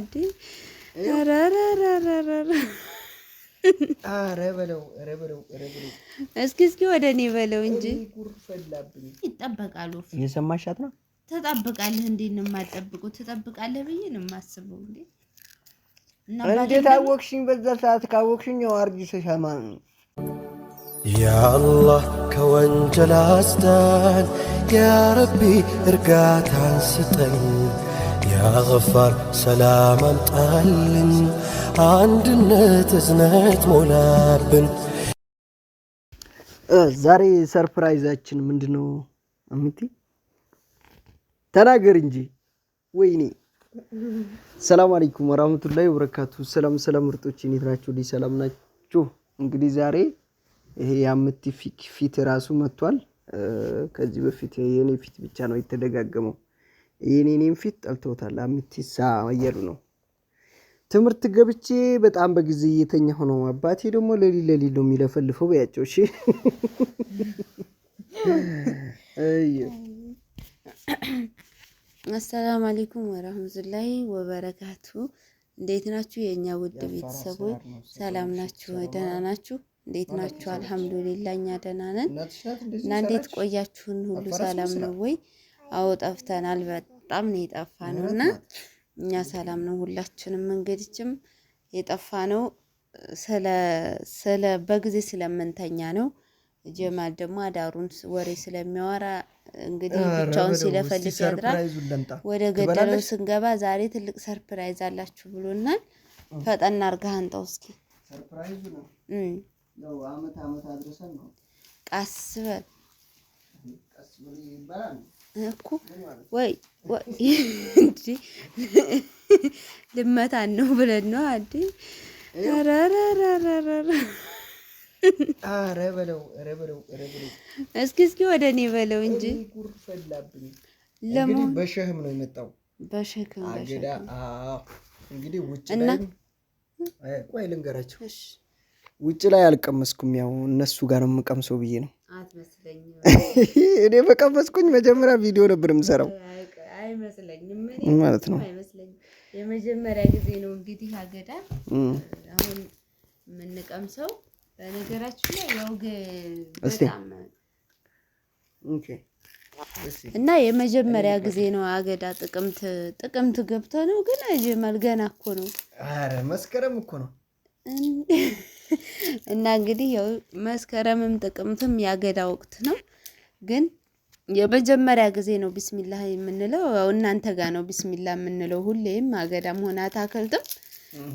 እንዴ! እስኪ እስኪ ወደ እኔ በለው እንጂ ይጠበቃሉ። የሰማሻት ነው። ተጠብቃለህ እንዴ? የማጠብቁ ተጠብቃለህ ብዬ ነው የማስበው። እንዴ እንዴት አወቅሽኝ? በዛ ሰዓት ካወቅሽኝ ያው አርጅ ሰሻማ ያአላህ ከወንጀል አስዳን፣ ያረቢ እርጋታን ስጠኝ ያ ሰላም አምጣልን፣ አንድነት እዝነት ሞላብን። ዛሬ ሰርፕራይዛችን ምንድን ነው? አሚቲ ተናገር እንጂ ወይኔ። ሰላም አለይኩም ወራህመቱላሂ ወበረካቱ። ሰላም ሰላም፣ ምርጦች እንዴት ናችሁ? ሰላም ናችሁ? እንግዲህ ዛሬ ይሄ የአምቲ ፊት ራሱ መጥቷል። ከዚህ በፊት የኔ ፊት ብቻ ነው የተደጋገመው የኔኔም ፊት ጠልቶታል። አምቲሳ እያሉ ነው። ትምህርት ገብቼ በጣም በጊዜ እየተኛ ሆኖ አባቴ ደግሞ ለሊ ለሊ ነው የሚለፈልፈው። በያቸው እሺ። አሰላም አሌይኩም ወረህመቱላሂ ወበረካቱ። እንዴት ናችሁ የእኛ ውድ ቤተሰቦች? ሰላም ናችሁ? ደህና ናችሁ? እንዴት ናችሁ? አልሐምዱሊላ እኛ ደህና ነን እና እንዴት ቆያችሁን? ሁሉ ሰላም ነው ወይ? አዎ ጠፍተናል። በጣም ነው የጠፋ ነው እና እኛ ሰላም ነው ሁላችንም። እንግዲችም የጠፋ ነው ስለ ስለ በጊዜ ስለምንተኛ ነው። ጀማል ደግሞ አዳሩን ወሬ ስለሚያወራ እንግዲህ ብቻውን ሲለፈልፍ ያድራል። ወደ ገደለው ስንገባ ዛሬ ትልቅ ሰርፕራይዝ አላችሁ ብሎናል። ፈጠን አድርገህ አንጠው እስኪ ቃስበል በል እኮ ወይ እንጂ ልመታን ነው ብለን ነው። አዲ አረ አረ አረ በለው በለው በለው እስኪ እስኪ ወደ እኔ በለው እንጂ ለምን በሸህም ነው የመጣው? በሸክም አገዳ። እንግዲህ ውጭ ላይ ቆይ ልንገራቸው ውጭ ላይ አልቀመስኩም። ያው እነሱ ጋር ነው የምቀምሰው ብዬ ነው። እኔ በቀመስኩኝ መጀመሪያ ቪዲዮ ነበር የምሰራው ማለት ነው። የመጀመሪያ ጊዜ ነው እንግዲህ አገዳ አሁን የምንቀምሰው። በነገራችን ላይ ያው በጣም እና የመጀመሪያ ጊዜ ነው አገዳ ጥቅምት ጥቅምት ገብቶ ነው ግን ጀመል ገና እኮ ነው። ኧረ መስከረም እኮ ነው። እና እንግዲህ ያው መስከረምም ጥቅምትም ያገዳ ወቅት ነው። ግን የመጀመሪያ ጊዜ ነው ቢስሚላህ የምንለው። ያው እናንተ ጋር ነው ቢስሚላህ የምንለው ሁሌም አገዳም ሆነ አታክልትም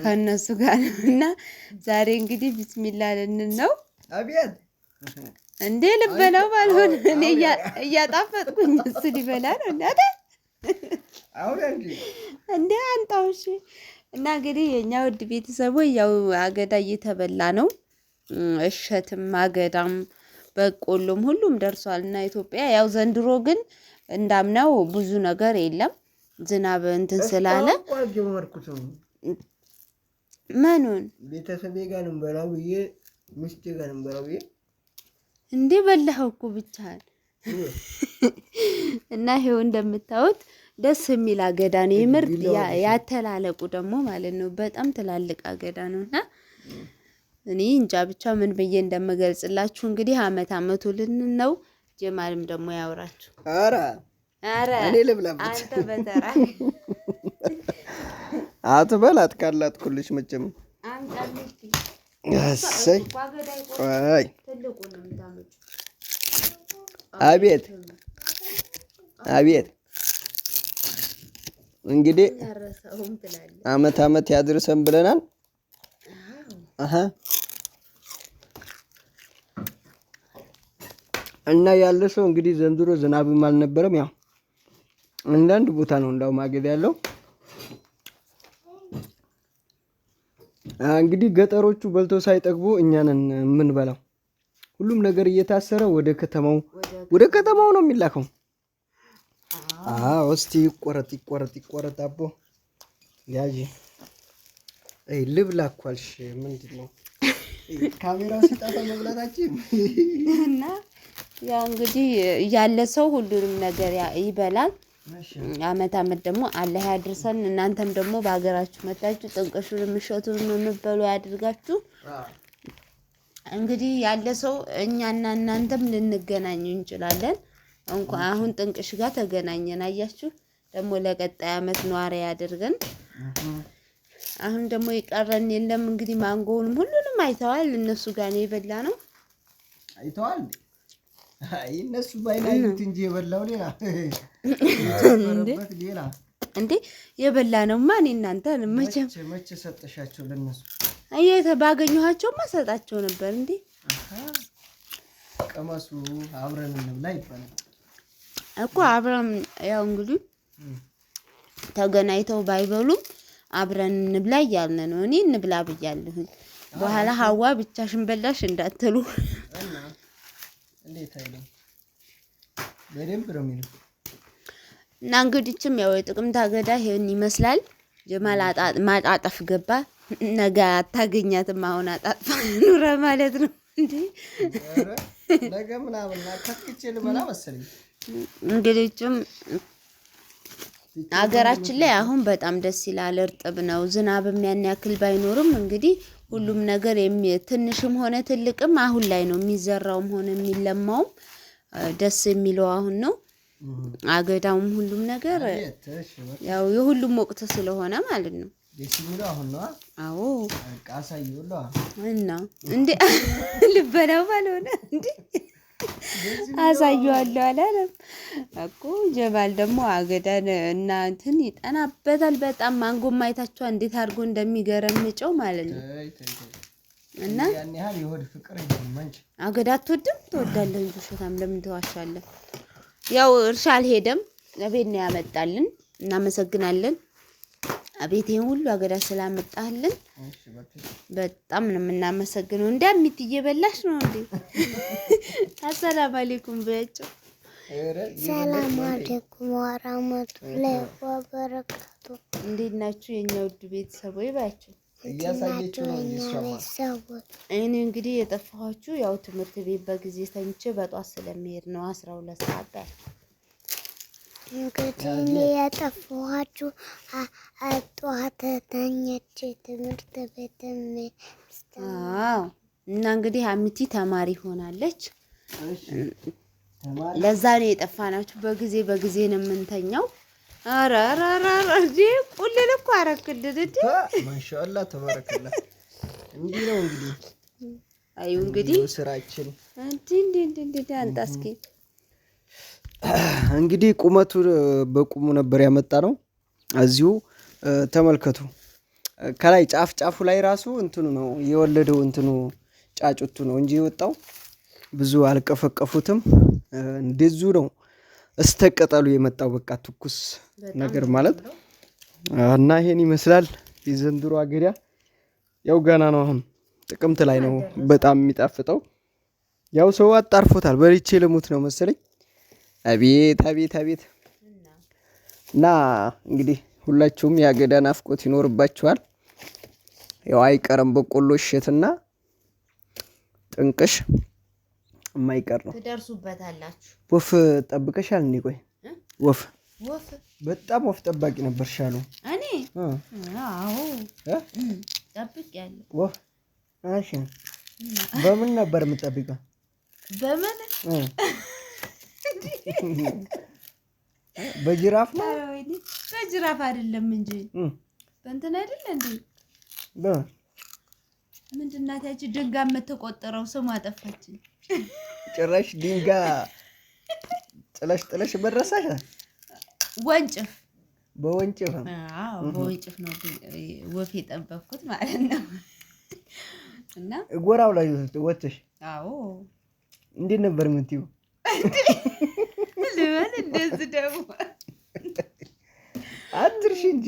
ከእነሱ ጋር ነው። እና ዛሬ እንግዲህ ቢስሚላህ ልንል ነው። አብያት እንዴ ልበላው ባልሆነ እኔ እያጣፈጥኩኝ እሱ ሊበላ ነው። እና እንዴ አንጣው እሺ እና እንግዲህ የእኛ ውድ ቤተሰቡ ያው አገዳ እየተበላ ነው። እሸትም አገዳም በቆሎም ሁሉም ደርሷል እና ኢትዮጵያ ያው ዘንድሮ ግን እንዳምናው ብዙ ነገር የለም። ዝናብ እንትን ስላለ መኑን ቤተሰቤ ጋር ብዬ ጋር ብዬ እንዴ በላኸው እኮ ብቻህን እና ይሄው እንደምታዩት ደስ የሚል አገዳ ነው። የምርጥ ያተላለቁ ደግሞ ማለት ነው። በጣም ትላልቅ አገዳ ነው እና እኔ እንጃ ብቻ ምን ብዬ እንደምገልጽላችሁ እንግዲህ አመት አመቱ ልን ነው። ጀማልም ደግሞ ያውራችሁ። ኧረ ኧረ እኔ አትበል አትካላት ኩልሽ መቼም እሰይ ቆይ አቤት አቤት እንግዲህ አመት አመት ያድርሰን ብለናል። እና ያለ ሰው እንግዲህ ዘንድሮ ዝናብም አልነበረም። ያው አንዳንድ ቦታ ነው እንዳው ማገድ ያለው እንግዲህ ገጠሮቹ በልቶ ሳይጠግቡ እኛንን የምንበላው ሁሉም ነገር እየታሰረ ወደ ከተማው ወደ ከተማው ነው የሚላከው። አዎ፣ እስቲ ይቆረጥ ይቆረጥ ይቆረጥ። አቦ ያዥ ልብላ እኮ አልሽ። ምንድን ነው ካሜራ ሲጣጣ መብላታችን እና ያው እንግዲህ ያለ ሰው ሁሉንም ነገር ይበላል። አመት አመት ደግሞ አላህ ያድርሰን። እናንተም ደግሞ በሀገራችሁ መጣችሁ ጥንቅሹን የምሸቱን የምበሉ ያድርጋችሁ። እንግዲህ ያለ ሰው እኛና እናንተም ልንገናኙ እንችላለን። እንኳ አሁን ጥንቅሽ ጋር ተገናኘን። አያችሁ ደግሞ ለቀጣይ አመት ኗሪ ያድርገን። አሁን ደግሞ የቀረን የለም እንግዲህ ማንጎውንም ሁሉንም አይተዋል። እነሱ ጋር ነው የበላ ነው አይተዋል። አይ እነሱ ባይናዩት እንጂ የበላው ሌላ እንዴ የበላ ነው ማን እናንተ መቼም መቼ ሰጠሻቸው ለነሱ አየህ ባገኘኋቸው ማሰጣቸው ነበር እንዴ ቀመሱ አብረን እንብላ ይባላል እኮ አብረን ያው እንግዲህ ተገናኝተው ባይበሉም አብረን እንብላ እያልን ነው። እኔ እንብላ ብያለሁኝ። በኋላ ሀዋ ብቻሽን በላሽ እንዳትሉ እና እንግዲችም ያው የጥቅምት አገዳ ይህን ይመስላል። ጀማል ማጣጠፍ ገባ። ነገ አታገኛትም። አሁን አጣጥፋ ኑረ ማለት ነው እንዴ? ነገ ምናምን ከፍቼ ልበላ መሰለኝ እንግዲህም አገራችን ላይ አሁን በጣም ደስ ይላል። እርጥብ ነው፣ ዝናብም ያን ያክል ባይኖርም እንግዲህ ሁሉም ነገር ትንሽም ሆነ ትልቅም አሁን ላይ ነው የሚዘራውም ሆነ የሚለማውም ደስ የሚለው አሁን ነው። አገዳውም ሁሉም ነገር ያው የሁሉም ወቅት ስለሆነ ማለት ነው። አዎ እና እንዴ ልበላው ባልሆነ እንዴ አሳየዋለሁ አላለም እኮ ጀማል ደግሞ አገዳን እና እንትን ይጠናበታል በጣም ማንጎ ማየታቸዋ እንዴት አድርጎ እንደሚገረምጨው ማለት ነው። እና አገዳ አትወድም ትወዳለህ እንጂ ውሸታም ለምን ትዋሻለህ? ያው እርሻ አልሄደም ለቤት ነው ያመጣልን። እናመሰግናለን። አቤት ይሄን ሁሉ አገዳ ስላመጣልን በጣም ነው የምናመሰግነው። እንደ አሚት እየበላሽ ነው እንዴ? አሰላም አለይኩም ብያቸው። ሰላም አለይኩም ወራህመቱላሂ ወበረካቱ። እንዴት ናችሁ የኛ ውድ ቤተሰቦች? ባያቸው እያሳየችው እኔ እንግዲህ የጠፋኋችሁ ያው ትምህርት ቤት በጊዜ ተኝቼ በጧት ስለሚሄድ ነው አስራ ሁለት ሰዓት እንግዲህ ያጠፋኋችሁ ጠዋት ተኛች ትምህርት ቤት እና እንግዲህ ሀሚቲ ተማሪ ሆናለች። ለዛ ነው የጠፋናችሁ። በጊዜ በጊዜ ነው የምንተኛው። ኧረ ኧረ ቁልል እኮ አደረግልን እንደ ማሻአላህ ተባረክላ። እንዲህ ነው እንግዲህ አዩ እንግዲህ ስራችን እንዲህ እንዲህ እንዲህ አንጣ እስኪ እንግዲህ ቁመቱ በቁሙ ነበር ያመጣ ነው። እዚሁ ተመልከቱ። ከላይ ጫፍ ጫፉ ላይ ራሱ እንትኑ ነው የወለደው እንትኑ ጫጩቱ ነው እንጂ የወጣው ብዙ አልቀፈቀፉትም። እንደዙ ነው እስተቀጠሉ የመጣው በቃ ትኩስ ነገር ማለት እና ይሄን ይመስላል የዘንድሮ አገዳ። ያው ገና ነው፣ አሁን ጥቅምት ላይ ነው በጣም የሚጣፍጠው። ያው ሰው አጣርፎታል። በልቼ ልሙት ነው መሰለኝ። አቤት አቤት አቤት። እና እንግዲህ ሁላችሁም የአገዳ ናፍቆት ይኖርባችኋል። ያው አይቀርም በቆሎ እሸትና ጥንቅሽ የማይቀር ነው። ትደርሱበታላችሁ። ወፍ ጠብቀሻል እንዴ? ቆይ ወፍ ወፍ በጣም ወፍ ጠባቂ ነበር ሻሉ። እኔ አዎ ጠብቄያለሁ። ወፍ እሺ፣ በምን ነበር የምጠብቀው? በምን በጅራፍ ነው በጅራፍ አይደለም እንጂ በእንትን አይደለ እንዴ? ምንድን ናት ያቺ ድንጋይ የምትቆጠረው? ስሙ አጠፋችን። ጭራሽ ድንጋ ጥለሽ ጥለሽ መረሳሽ ወንጭፍ በወንጭፍ በወንጭፍ ነው ወፍ የጠበኩት ማለት ነው። እና ጎራው ላይ ወጥሽ? አዎ። እንዴት ነበር የምትይው? ልበል እንደዚህ ደግሞ አትርሽ እንጂ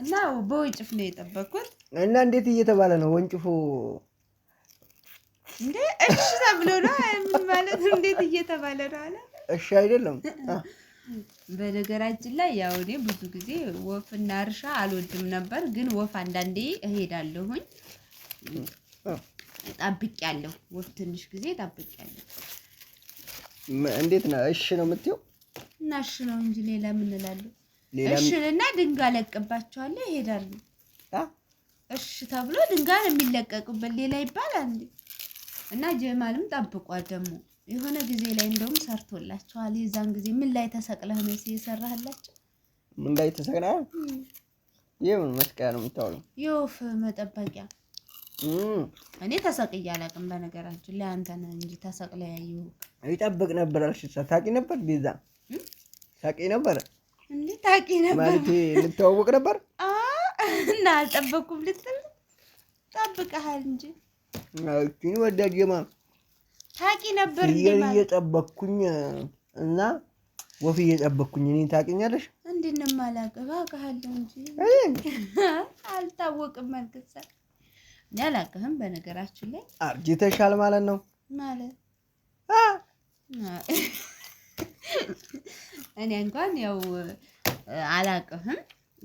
እና በወንጭፍ ነው የጠበኩት። እና እንዴት እየተባለ ነው ወንጭፎ? እንዴ እሺ ተብሎ ነው ማለት እንዴት እየተባለ ነው አለ። እሺ አይደለም። በነገራችን ላይ ያው እኔ ብዙ ጊዜ ወፍና እርሻ አልወድም ነበር፣ ግን ወፍ አንዳንዴ እሄዳለሁኝ ያለው ወፍ ትንሽ ጊዜ ጠብቂያለሁ። እንዴት ነው? እሺ ነው የምትይው? እና እሺ ነው እንጂ ሌላ ምን እላለሁ? እሽንና ድንጋይ ለቅባቸዋለሁ ይሄዳሉ። እሺ ተብሎ ድንጋይ ነው ሌላ ይባላል እንዴ? እና ጀማልም ጠብቋል ደግሞ የሆነ ጊዜ ላይ እንደውም ሰርቶላቸዋል። የዛን ጊዜ ምን ላይ ተሰቅለህ ነው የሰራህላቸው? ምን ላይ ተሰቅለህ? ይህ መስቀያ ነው የምታውለው የወፍ መጠበቂያ እኔ ተሰቅዬ አላውቅም። በነገራችን ለአንተ ነው እንጂ ተሰቅለ ያየሁ ይጠብቅ ነበር አልሽ። ታውቂ ነበር ቤዛ? ታውቂ ነበር እንዴ? ታውቂ ነበር ማለት ልተዋወቅ ነበር እና አልጠበኩም ልትል ጠብቀሃል እንጂ እቺን ወዳጅማ ታውቂ ነበር እየጠበኩኝ እና ወፍ እየጠበኩኝ እኔ ታውቂኛለሽ። እንድንም አላውቅም አውቅሃለሁ እንጂ አልታወቅም መልክሰ ያላቅህም በነገራችን ላይ አርጅተሻል ማለት ነው ማለት እኔ እንኳን ያው አላቅህም፣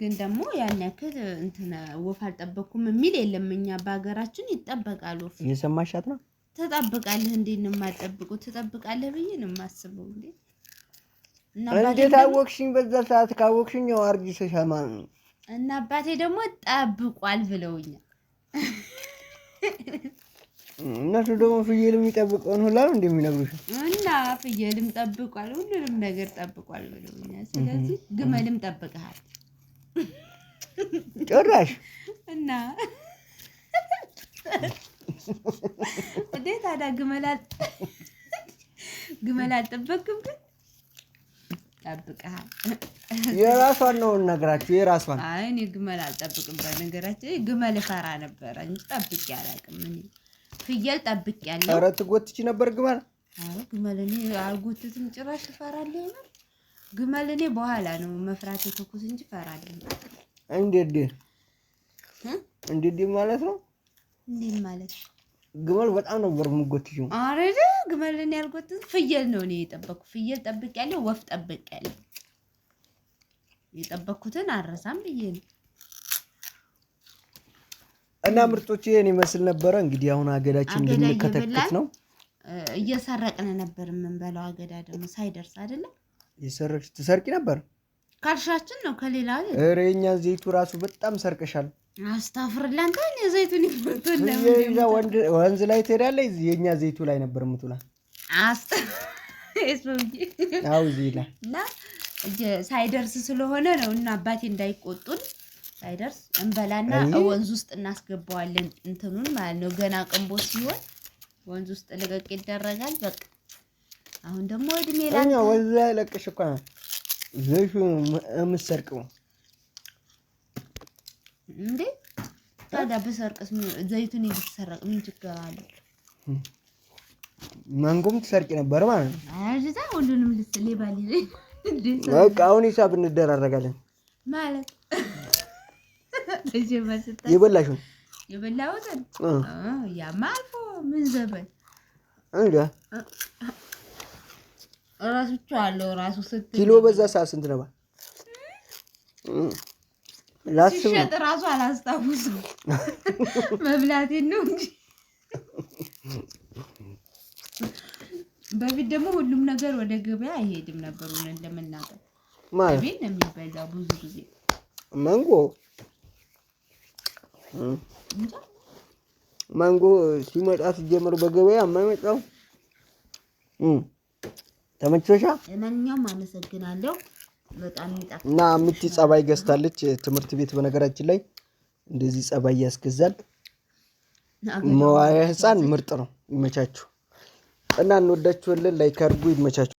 ግን ደግሞ ያን ያክል እንትን ወፍ አልጠበኩም የሚል የለም። እኛ በሀገራችን ይጠበቃል ወፍ። እየሰማሻት ነው። ትጠብቃለህ። እንዴ? ነው የማልጠብቁ? ትጠብቃለህ ብዬ ነው የማስበው። እንዴ እንዴት አወቅሽኝ? በዛ ሰዓት ካወቅሽኝ ያው አርጅተሻል ማለት ነው። እና አባቴ ደግሞ ጠብቋል ብለውኛል። እናቱ ደግሞ ፍየልም ይጠብቀውን ሁላ ነው እንደሚነግሩሽ እና ፍየልም ጠብቋል፣ ሁሉንም ነገር ጠብቋል ብለውኛል። ስለዚህ ግመልም ጠብቀሃል ጭራሽ እና እንዴት ታዲያ ግመል አልጠበቅም ግን ጠብቀሃል። የራሷን ነው ነግራችሁ የራሷን። አይ እኔ ግመል አልጠብቅም። በነገራችን ግመል ፈራ ነበረ እንጂ ጠብቄ አላውቅም። ፍየል ጠብቄ ያለው። ኧረ ትጎትቺ ነበር ግመል? ግመል እኔ አልጎትትም ጭራሽ። እፈራለሁ ግመል። እኔ በኋላ ነው መፍራት የተኩት እንጂ እፈራለሁ። እንዴት እንዴት ማለት ነው? እንዴት ማለት ነው ግመል በጣም ነበር የምጎትሽው። አረ ግመልን ያልጎትን ፍየል ነው እኔ የጠበቅኩ። ፍየል ጠብቅ ያለው ወፍ ጠብቅ ያለው የጠበቅኩትን አረሳም ብዬ ነው። እና ምርጦች ይህን ይመስል ነበረ። እንግዲህ አሁን አገዳችን እንድንከተክት ነው። እየሰረቅን ነበር የምንበላው። አገዳ ደግሞ ሳይደርስ አይደለም የሰረቅሽ። ትሰርቂ ነበር ካልሻችን ነው ከሌላ ሬኛ ዘይቱ ራሱ በጣም ሰርቀሻል። አስታፍርላንተ ዘይቱን ወንዝ ላይ ትሄዳለች። የእኛ ዘይቱ ላይ ነበር የምትውላ ሳይደርስ ስለሆነ ነው እና አባቴ እንዳይቆጡን ሳይደርስ እንበላና ወንዝ ውስጥ እናስገባዋለን። እንትኑን ማለት ነው ገና ቅንቦት ሲሆን ወንዝ ውስጥ ልቀቅ ይደረጋል። በቃ አሁን ደግሞ እድሜ ላይ ወንዝ ላይ ለቅሽ እኮ ነው ዘይቱን የምትሰርቀው እንዴ ታዲያ ብሰርቅስ ዘይቱን ብትሰረቅ ምን ችግር አለው? ማንጎም ትሰርቂ ነበር ማለት ነው። ሁሉንም ወንዱንም በቃ አሁን ሂሳብ እንደራረጋለን ማለት የበላሽውን የበላሁትን ያማ አልፎ ምን ዘበን ኪሎ በዛ ሰዓት ስንት ነበር? ሲሸጥ ራሱ አላስታውስም። መብላቴን ነው እንጂ በፊት ደግሞ ሁሉም ነገር ወደ ገበያ አይሄድም ነበር። እውነት ለመናገር ቤት ነው የሚበላው ብዙ ጊዜ መንጎ ማንጎ ሲመጣ ሲጀመር በገበያ የማይመጣው ተመቾሻ። ለማንኛውም አመሰግናለሁ። እና ምቲ ጸባይ ገዝታለች። ትምህርት ቤት በነገራችን ላይ እንደዚህ ጸባይ ያስገዛል። መዋያ ህፃን ምርጥ ነው። ይመቻችሁ እና እንወዳችኋለን። ላይክ አድርጉ። ይመቻችሁ።